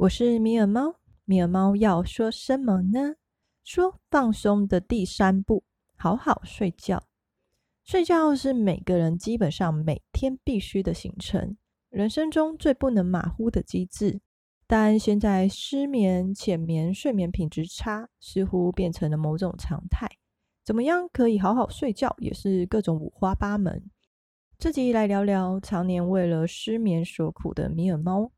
我是米爾貓，米爾貓要說什麼呢？說放鬆的第三步，好好睡覺。睡覺是每個人基本上每天必須的行程，人生中最不能馬虎的機制。但現在失眠、淺眠、睡眠品質差，似乎變成了某種常態。怎麼樣可以好好睡覺，也是各種五花八門。這集來聊聊常年為了失眠所苦的米爾貓。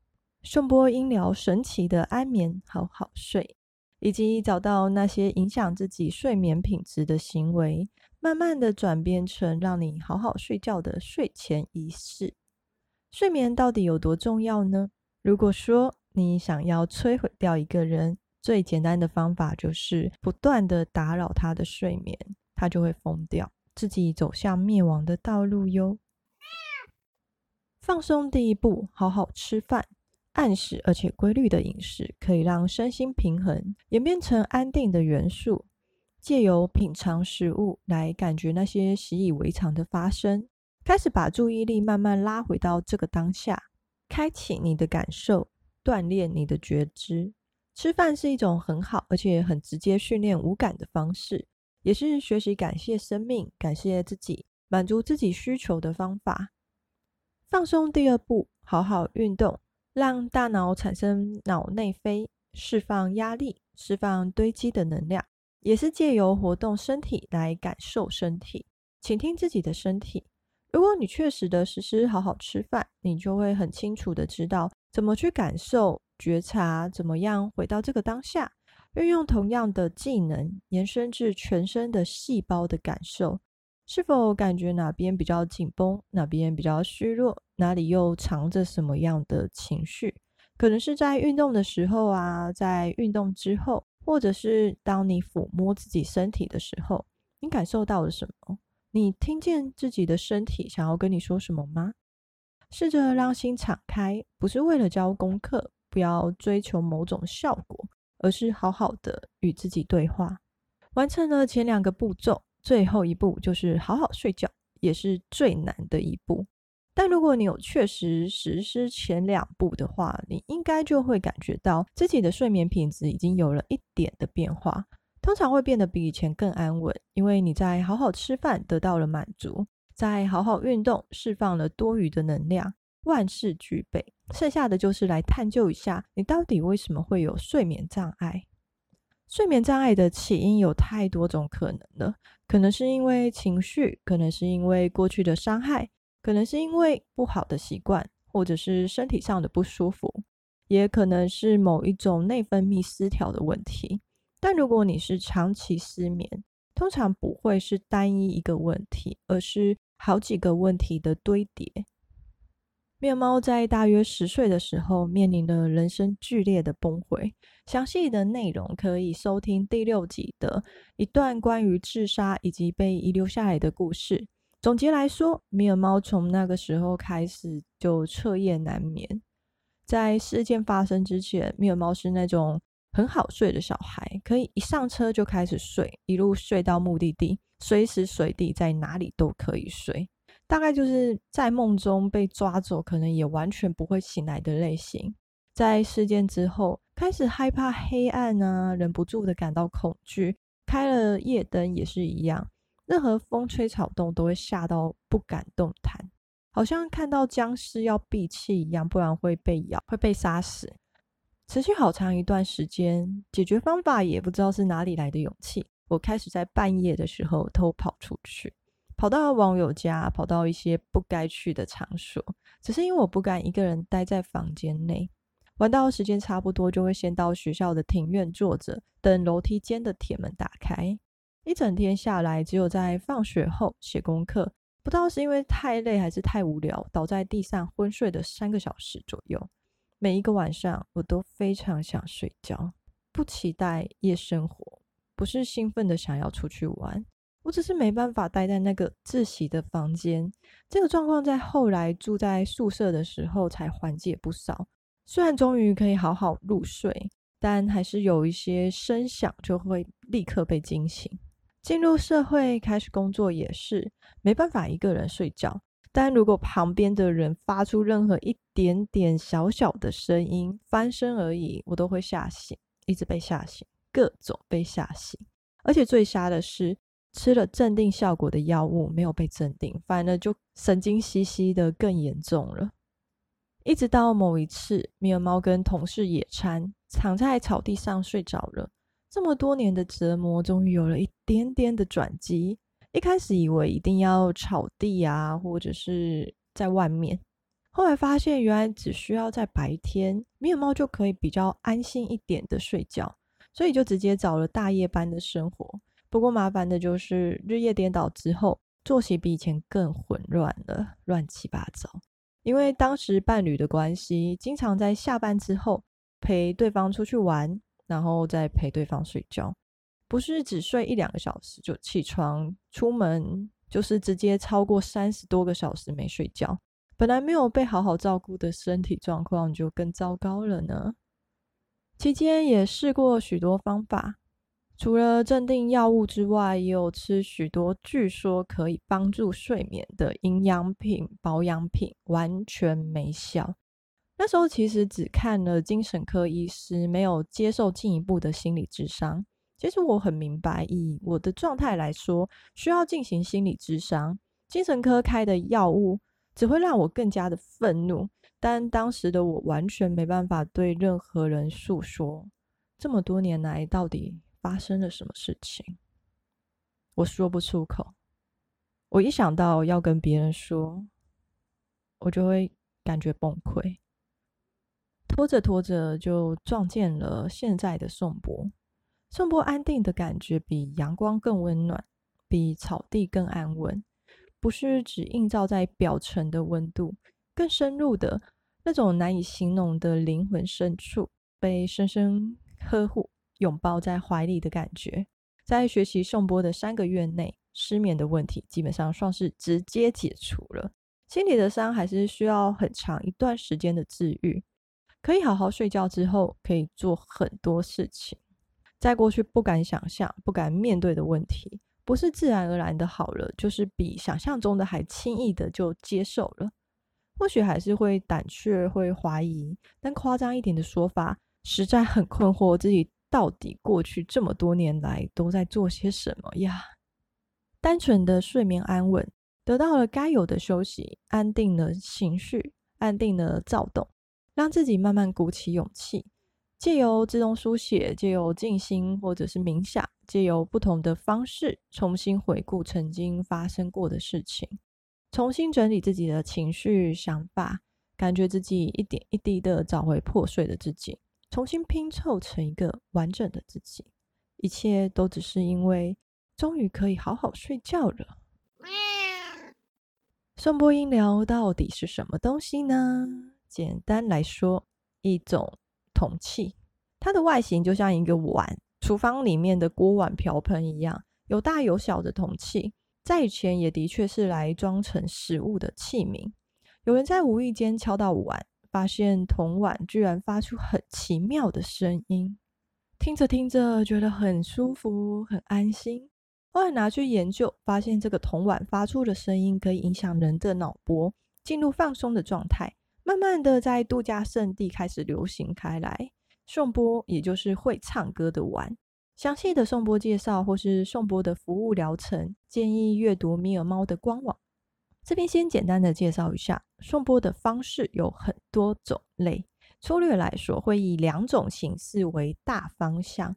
頌缽音療，神奇的安眠，好好睡，以及找到那些影響自己睡眠品質的行為，慢慢的轉變成讓你好好睡覺的睡前儀式。睡眠到底有多重要呢？如果說你想要摧毀掉一個人，最簡單的方法就是不斷的打擾他的睡眠，他就會瘋掉，自己走向滅亡的道路喲。嗯、放鬆第一步，好好吃飯。按時而且規律的飲食可以讓身心平衡，演變成安定的元素。借由品嘗食物來感覺那些習以為常的發生，開始把注意力慢慢拉回到這個當下，開啟你的感受，鍛鍊你的覺知。吃飯是一種很好而且很直接訓練五感的方式，也是學習感謝生命、感謝自己、滿足自己需求的方法。放鬆第二步，好好運動。讓大腦產生腦內啡，釋放壓力，釋放堆積的能量，也是借由活動身體來感受身體，傾聽自己的身體。如果你確實的實施好好吃飯，你就會很清楚的知道怎麼去感受、覺察，怎麼樣回到這個當下，運用同樣的技能延伸至全身的細胞的感受。是否感覺哪邊比較緊繃，哪邊比較虛弱？哪裡又藏着什麼樣的情緒？可能是在運動的時候啊，在運動之後，或者是當你撫摸自己身體的時候，你感受到了什麼？你聽見自己的身體想要跟你說什麼嗎？試着讓心敞開，不是為了交功課，不要追求某種效果，而是好好的與自己對話。完成了前兩個步驟，最後一步就是好好睡覺，也是最難的一步。但如果你有確實實施前兩步的話，你應該就會感覺到自己的睡眠品質已經有了一點的變化，通常會變得比以前更安穩，因為你在好好吃飯得到了滿足，在好好運動釋放了多餘的能量，萬事俱備。剩下的就是來探究一下你到底為什麼會有睡眠障礙。睡眠障礙的起因有太多種可能了，可能是因為情緒，可能是因為過去的傷害。可能是因為不好的習慣，或者是身體上的不舒服，也可能是某一種內分泌失調的問題。但如果你是長期失眠，通常不會是單一一個問題，而是好幾個問題的堆疊。麵包在大約十歲的時候，面臨了人生劇烈的崩潰。詳細的內容可以收聽第六集的一段關於自殺以及被遺留下來的故事。總結來說，米爾貓從那個時候開始就徹夜難眠。在事件發生之前，米爾貓是那種很好睡的小孩，可以一上車就開始睡，一路睡到目的地，隨時隨地在哪裡都可以睡。大概就是在夢中被抓走，可能也完全不會醒來的類型。在事件之後，開始害怕黑暗啊，忍不住的感到恐懼，開了夜燈也是一樣。任何風吹草動都會嚇到不敢動彈，好像看到僵屍要閉氣一樣，不然會被咬，會被殺死。持續好長一段時間，解決方法也不知道是哪裡來的勇氣，我開始在半夜的時候偷跑出去，跑到網友家，跑到一些不該去的場所。只是因為我不敢一個人待在房間內，玩到時間差不多就會先到學校的庭院坐着，等樓梯間的鐵門打開。一整天下來，只有在放學後寫功課。不知道是因為太累還是太無聊，倒在地上昏睡了三個小時左右。每一個晚上，我都非常想睡覺，不期待夜生活，不是興奮的想要出去玩，我只是沒辦法待在那個自習的房間。這個狀況在後來住在宿舍的時候才緩解不少。雖然終於可以好好入睡，但還是有一些聲響就會立刻被驚醒。進入社會開始工作也是沒辦法一個人睡覺，但如果旁邊的人發出任何一點點小小的聲音，翻身而已，我都會嚇醒，一直被嚇醒，各種被嚇醒。而且最嚇的是吃了鎮定效果的藥物，沒有被鎮定，反而就神經兮兮的更嚴重了。一直到某一次，米爾貓跟同事野餐，躺在草地上睡着了。這麼多年的折磨，終於有了一點點的轉機。一開始以為一定要草地啊，或者是在外面，後來發現原來只需要在白天，沒有貓就可以比較安心一點的睡覺，所以就直接找了大夜班的生活。不過麻煩的就是日夜顛倒之後，作息比以前更混亂了，亂七八糟。因為當時伴侶的關係，經常在下班之後陪對方出去玩。然後再陪對方睡覺，不是只睡一兩個小時就起床出門，就是直接超過三十多個小時沒睡覺。本來沒有被好好照顧的身體狀況就更糟糕了呢。期間也試過許多方法，除了鎮定藥物之外，也有吃許多據說可以幫助睡眠的營養品、保養品，完全沒效。那時候其實只看了精神科醫師，沒有接受進一步的心理諮商。其實我很明白，以我的狀態來說，需要進行心理諮商。精神科開的藥物只會讓我更加的憤怒，但當時的我完全沒辦法對任何人訴說。這麼多年來，到底發生了什麼事情？我說不出口。我一想到要跟別人說，我就會感覺崩潰。拖着拖着就撞見了現在的頌缽。頌缽安定的感覺比陽光更溫暖，比草地更安穩，不是只映照在表層的溫度，更深入的那種難以形容的靈魂深處，被深深呵護、擁抱在懷裡的感覺。在學習頌缽的三個月內，失眠的問題基本上算是直接解除了。心裡的傷還是需要很長一段時間的治癒。可以好好睡覺之後，可以做很多事情，在過去不敢想象、不敢面對的問題，不是自然而然的好了，就是比想象中的還輕易的就接受了。或許還是會膽怯、會懷疑，但誇張一點的說法，實在很困惑自己到底過去這麼多年來都在做些什麼呀？單純的睡眠安穩，得到了該有的休息，安定了情緒，安定了躁動。讓自己慢慢鼓起勇氣，借由自動書寫，借由靜心或者是冥想，借由不同的方式，重新回顧曾經發生過的事情，重新整理自己的情緒、想法，感覺自己一點一滴的找回破碎的自己，重新拼湊成一個完整的自己。一切都只是因為終於可以好好睡覺了。頌缽音療到底是什麼東西呢？簡單來說，一種銅器，它的外形就像一個碗，廚房裡面的鍋碗瓢盆一樣，有大有小的銅器。在以前也的確是來裝盛食物的器皿。有人在無意間敲到碗，發現銅碗居然發出很奇妙的聲音，聽着聽着覺得很舒服，很安心。後來拿去研究，發現這個銅碗發出的聲音可以影響人的腦波，進入放鬆的狀態。慢慢的，在度假勝地開始流行開來。頌缽也就是會唱歌的碗。詳細的頌缽介紹或是頌缽的服務流程，建議閱讀米爾貓的官網。這邊先簡單的介紹一下頌缽的方式有很多種類，粗略來說，會以兩種形式為大方向。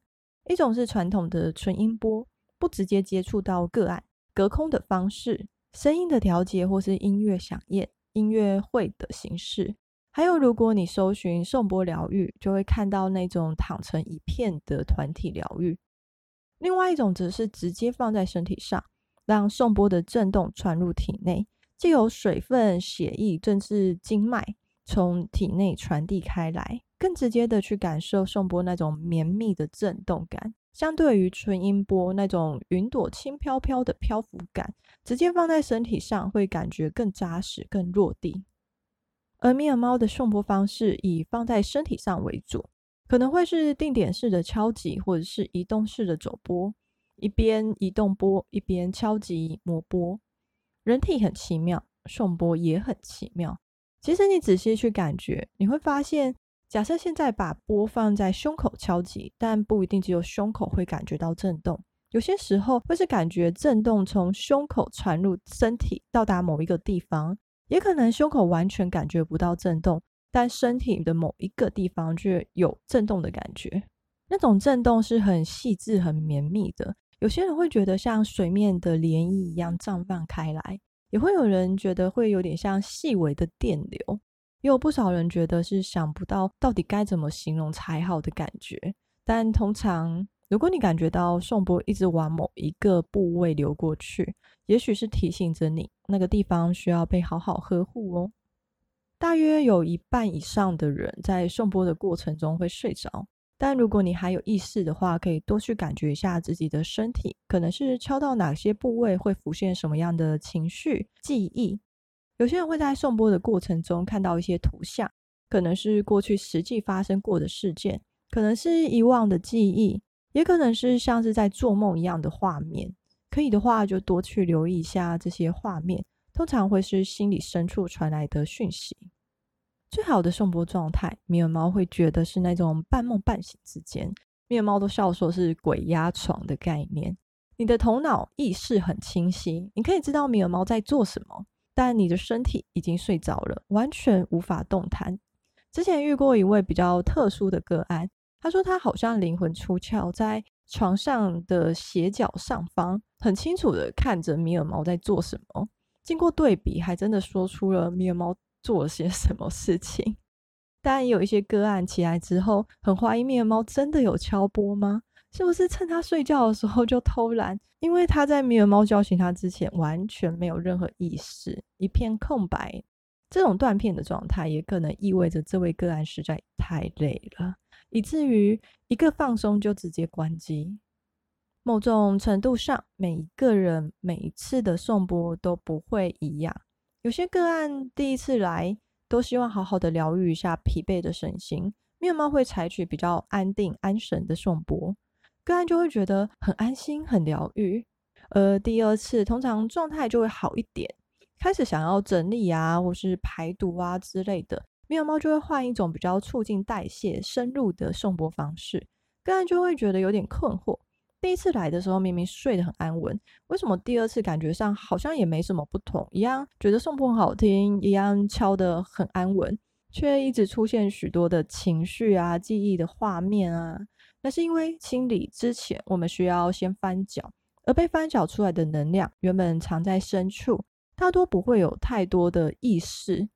一種是傳統的純音波，不直接接觸到個案，隔空的方式，聲音的調節或是音樂響應。音樂會的形式，還有如果你搜尋頌缽療癒，就會看到那種躺成一片的團體療癒。另外一種則是直接放在身體上，讓頌缽的震動傳入體內，既有水分、血液，正是經脈，從體內傳遞開來，更直接的去感受頌缽那種綿密的震動感。相對於純音波那種雲朵輕飄飄的漂浮感，直接放在身體上會感覺更扎實、更落地。而米爾貓的頌缽方式以放在身體上為主，可能會是定點式的敲擊，或者是移動式的走缽，一邊移動缽，一邊敲擊摩缽。人體很奇妙，頌缽也很奇妙。其實你仔細去感覺，你會發現。假設現在把缽放在胸口敲擊，但不一定只有胸口會感覺到震動。有些時候會是感覺震動從胸口傳入身體，到達某一個地方，也可能胸口完全感覺不到震動，但身體的某一個地方卻有震動的感覺。那種震動是很細緻、很綿密的。有些人會覺得像水面的漣漪一樣綻放開來，也會有人覺得會有點像細微的電流。也有不少人覺得是想不到到底該怎麼形容才好的感覺，但通常如果你感覺到頌缽一直往某一個部位流過去，也許是提醒着你那個地方需要被好好呵護哦。大約有一半以上的人在頌缽的過程中會睡着，但如果你還有意識的話，可以多去感覺一下自己的身體，可能是敲到哪些部位，會浮現什麼樣的情緒、記憶。有些人會在頌缽的過程中看到一些圖像，可能是過去實際發生過的事件，可能是遺忘的記憶，也可能是像是在做夢一樣的畫面。可以的話，就多去留意一下這些畫面，通常會是心裡深處傳來的訊息。最好的頌缽狀態，米爾貓會覺得是那種半夢半醒之間，米爾貓都笑說是鬼壓床的概念。你的頭腦意識很清晰，你可以知道米爾貓在做什麼。但你的身體已經睡着了，完全無法動彈。之前遇過一位比較特殊的個案，他說他好像靈魂出竅，在床上的斜角上方，很清楚的看着米爾貓在做什麼。經過對比，還真的說出了米爾貓做了些什麼事情。但有一些個案起來之後，很懷疑米爾貓真的有敲缽嗎？是不是趁他睡覺的時候就偷懶？因為他在喵貓叫醒他之前，完全沒有任何意識，一片空白。這種斷片的狀態，也可能意味着這位個案實在太累了，以至於一個放鬆就直接關機。某種程度上，每一個人每一次的頌缽都不會一樣。有些個案第一次來，都希望好好的療癒一下疲憊的身心，喵貓會採取比較安定、安神的頌缽。個案就會覺得很安心、很療癒。呃，第二次通常狀態就會好一點，開始想要整理啊，或是排毒啊之類的。沒有貓就會換一種比較促進代謝、深入的頌缽方式。個案就會覺得有點困惑。第一次來的時候明明睡得很安穩，為什麼第二次感覺上好像也沒什麼不同？一樣覺得頌缽好聽，一樣敲得很安穩，卻一直出現許多的情緒啊、記憶的畫面啊。那是因為清理之前，我們需要先翻攪，而被翻攪出來的能量原本藏在深處，大多不會有太多的意識。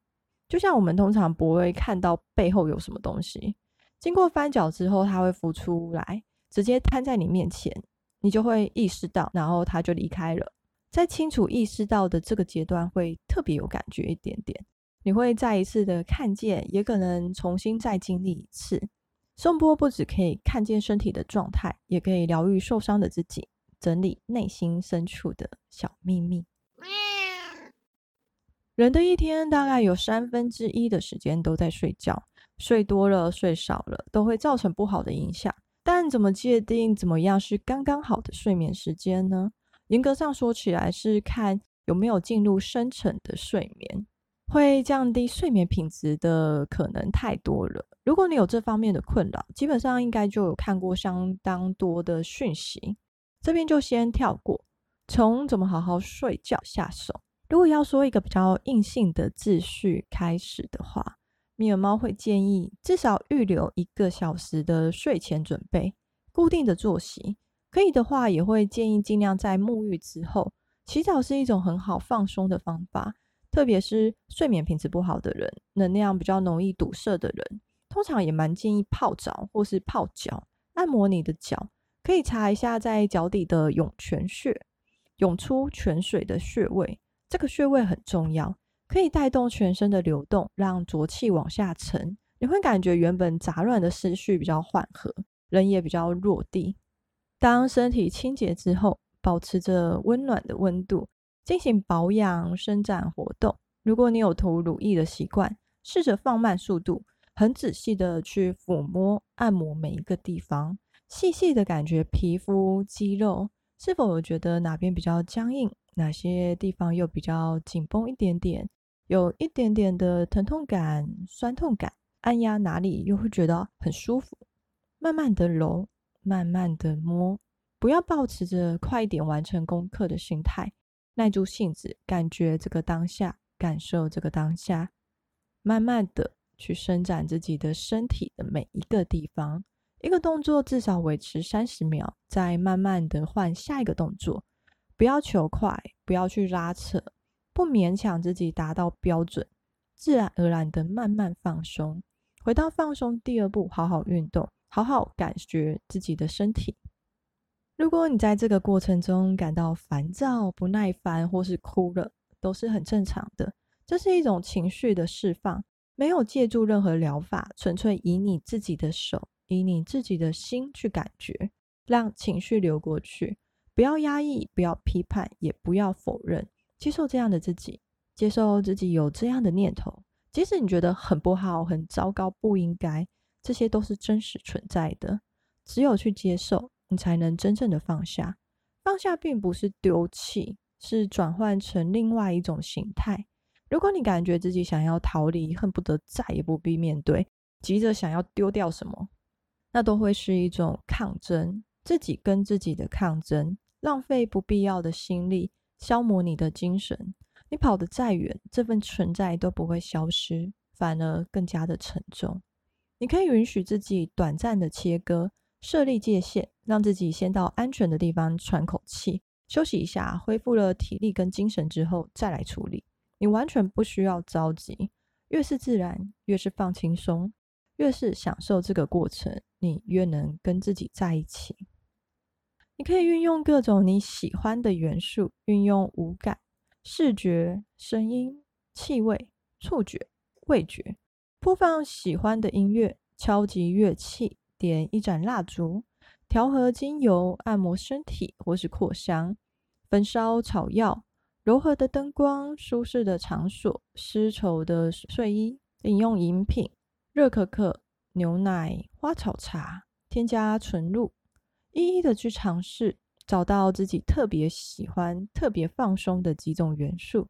就像我們通常不會看到背後有什麼東西，經過翻攪之後，它會浮出來，直接攤在你面前，你就會意識到，然後它就離開了。在清楚意識到的這個階段，會特別有感覺一點點，你會再一次的看見，也可能重新再經歷一次。頌缽不只可以看見身體的狀態，也可以療癒受傷的自己，整理內心深處的小秘密。人的一天大概有三分之一的時間都在睡覺，睡多了、睡少了都會造成不好的影響。但怎麼界定怎麼樣是剛剛好的睡眠時間呢？嚴格上說起來，是看有沒有進入深沉的睡眠。會降低睡眠品質的可能太多了。如果你有這方面的困擾，基本上應該就有看過相當多的訊息，這邊就先跳過，從怎麼好好睡覺下手。如果要說一個比較硬性的秩序開始的話，米爾貓會建議至少預留一個小時的睡前準備，固定的作息，可以的話也會建議盡量在沐浴之後，洗澡是一種很好放鬆的方法。特別是睡眠品質不好的人，能量比較容易堵塞的人，通常也蠻建議泡澡或是泡腳、按摩你的腳。可以查一下在腳底的湧泉穴，湧出泉水的穴位，這個穴位很重要，可以帶動全身的流動，讓濁氣往下沉。你會感覺原本雜亂的思緒比較緩和，人也比較落地。當身體清潔之後，保持着溫暖的溫度。進行保養伸展活動。如果你有塗乳液的習慣，試着放慢速度，很仔細的去撫摸、按摩每一個地方，細細的感覺皮膚、肌肉，是否有覺得哪邊比較僵硬，哪些地方又比較緊繃一點點，有一點點的疼痛感、酸痛感，按壓哪裡又會覺得很舒服。慢慢的揉，慢慢的摸，不要抱持着快一點完成功課的心態。耐住性子，感覺這個當下，感受這個當下，慢慢的去伸展自己的身體的每一個地方，一個動作至少維持三十秒，再慢慢的換下一個動作，不要求快，不要去拉扯，不勉強自己達到標準，自然而然的慢慢放鬆，回到放鬆。第二步，好好運動，好好感覺自己的身體。如果你在這個過程中感到煩躁、不耐煩，或是哭了，都是很正常的。這是一種情緒的釋放，沒有借助任何療法，純粹以你自己的手、以你自己的心去感覺，讓情緒流過去。不要壓抑，不要批判，也不要否認，接受這樣的自己，接受自己有這樣的念頭。即使你覺得很不好、很糟糕、不應該，這些都是真實存在的。只有去接受。你才能真正的放下。放下並不是丟棄，是轉換成另外一種形態。如果你感覺自己想要逃離，恨不得再也不必面對，急着想要丟掉什麼，那都會是一種抗爭，自己跟自己的抗爭，浪費不必要的心力，消磨你的精神。你跑得再遠，這份存在都不會消失，反而更加的沉重。你可以允許自己短暫的切割，設立界限。讓自己先到安全的地方喘口氣，休息一下，恢復了體力跟精神之後再來處理。你完全不需要着急，越是自然，越是放輕鬆，越是享受這個過程，你越能跟自己在一起。你可以運用各種你喜歡的元素，運用五感：視覺、聲音、氣味、觸覺、味覺。播放喜歡的音樂，敲擊樂器，點一盞蠟燭。調和精油、按摩身體或是擴香、焚燒草藥、柔和的燈光、舒適的場所、絲綢的睡衣、飲用飲品、熱可可、牛奶、花草茶、添加純露，一一的去嘗試，找到自己特別喜歡、特別放鬆的幾種元素。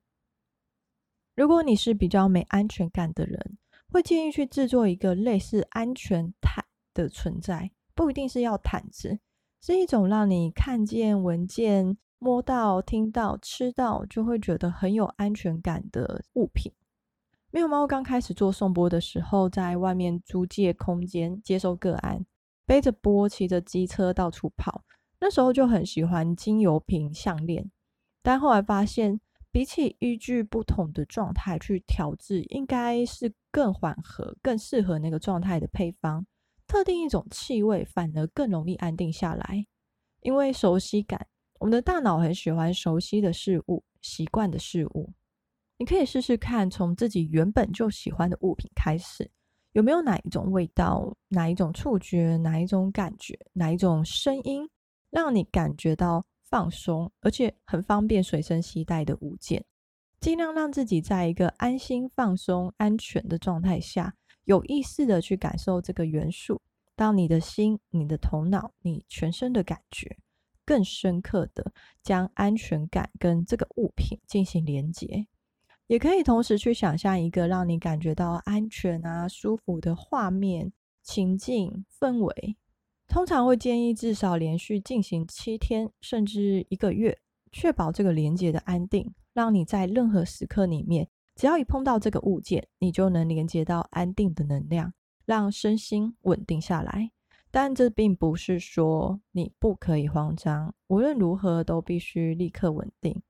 如果你是比較沒安全感的人，會建議去制作一個類似安全毯的存在。不一定是要毯子，是一種讓你看見、聞見、摸到、聽到、吃到，就會覺得很有安全感的物品。沒有貓，剛開始做頌缽的時候，在外面租借空間接受個案，背着缽，騎着機車到處跑。那時候就很喜歡精油瓶、項鏈，但後來發現，比起依據不同的狀態去調制，應該是更緩和、更適合那個狀態的配方。特定一種氣味反而更容易安定下來，因為熟悉感。我們的大腦很喜歡熟悉的事物、習慣的事物。你可以試試看，從自己原本就喜歡的物品開始，有沒有哪一種味道、哪一種觸覺、哪一種感覺、哪一種聲音，讓你感覺到放鬆，而且很方便隨身攜帶的物件。盡量讓自己在一個安心、放鬆、安全的狀態下。有意識的去感受這個元素，讓你的心、你的頭腦、你全身的感覺更深刻的將安全感跟這個物品進行連接，也可以同時去想象一個讓你感覺到安全啊、舒服的畫面、情境、氛圍。通常會建議至少連續進行七天，甚至一個月，確保這個連接的安定，讓你在任何時刻裡面。只要一碰到這個物件，你就能連接到安定的能量，讓身心穩定下來。但這並不是說你不可以慌張，無論如何都必須立刻穩定，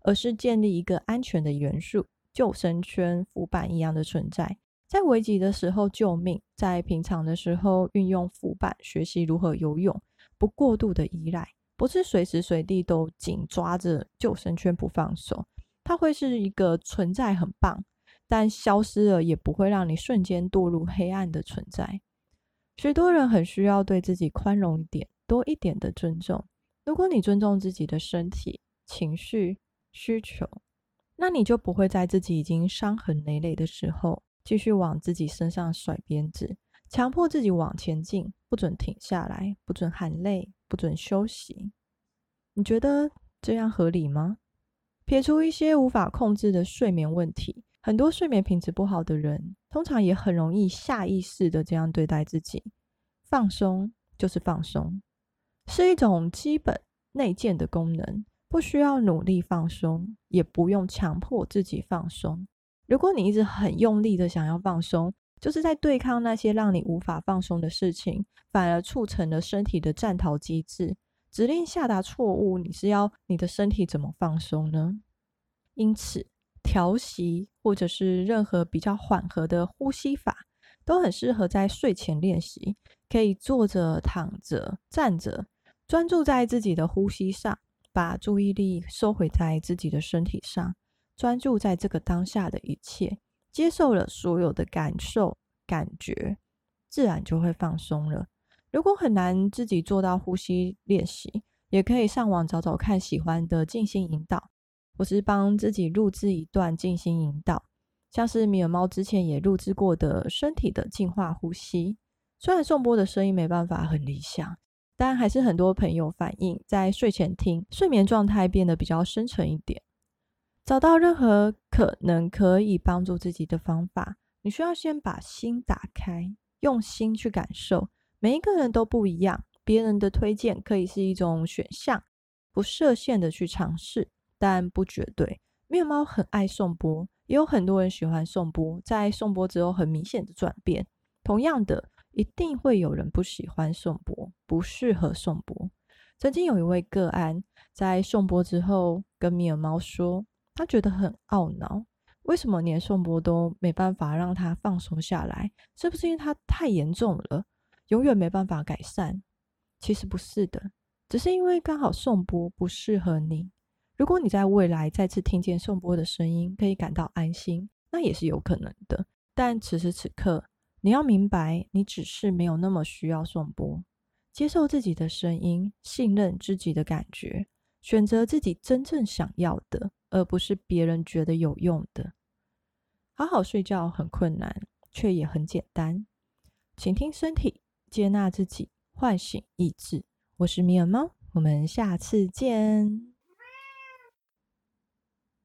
而是建立一個安全的元素——救生圈、浮板一樣的存在，在危急的時候救命，在平常的時候運用浮板，學習如何游泳。不過度的依賴，不是隨時隨地都緊抓着救生圈不放手。它會是一個存在很棒，但消失了也不會讓你瞬間墮入黑暗的存在。許多人很需要對自己寬容一點，多一點的尊重。如果你尊重自己的身體、情緒、需求，那你就不會在自己已經傷痕累累的時候，繼續往自己身上甩鞭子，強迫自己往前進，不准停下來，不准喊累，不准休息。你覺得這樣合理嗎？解除一些無法控制的睡眠問題，很多睡眠品質不好的人，通常也很容易下意識的這樣對待自己。放鬆，就是放鬆，是一種基本內建的功能，不需要努力放鬆，也不用強迫自己放鬆。如果你一直很用力的想要放鬆，就是在對抗那些讓你無法放鬆的事情，反而促成了身體的戰逃機制。指令下達錯誤，你是要你的身體怎麼放鬆呢？因此，調息或者是任何比較緩和的呼吸法都很適合在睡前練習。可以坐着、躺着、站着，專注在自己的呼吸上，把注意力收回在自己的身體上，專注在這個當下的一切，接受了所有的感受、感覺，自然就會放鬆了。如果很難自己做到呼吸練習，也可以上網找找看喜歡的靜心引導，或是幫自己錄製一段靜心引導，像是米爾貓之前也錄製過的《身體的淨化呼吸》。雖然頌缽的聲音沒辦法很理想，但還是很多朋友反映在睡前聽，睡眠狀態變得比較深沉一點。找到任何可能可以幫助自己的方法，你需要先把心打開，用心去感受。每一個人都不一樣，別人的推薦可以是一種選項，不設限的去嘗試，但不絕對。喵貓很愛頌缽，也有很多人喜歡頌缽，在頌缽之後很明顯的轉變。同樣的，一定會有人不喜歡頌缽，不適合頌缽。曾經有一位個案在頌缽之後跟喵貓說，他覺得很懊惱，為什麼連頌缽都沒辦法讓他放鬆下來？是不是因為他太嚴重了？永遠沒辦法改善，其實不是的，只是因為剛好頌缽不適合你。如果你在未來再次聽見頌缽的聲音，可以感到安心，那也是有可能的。但此時此刻，你要明白，你只是沒有那麼需要頌缽。接受自己的聲音，信任自己的感覺，選擇自己真正想要的，而不是別人覺得有用的。好好睡覺很困難，卻也很簡單。請聽身體。接納自己，喚醒意志。我是米爾貓，我們下次見。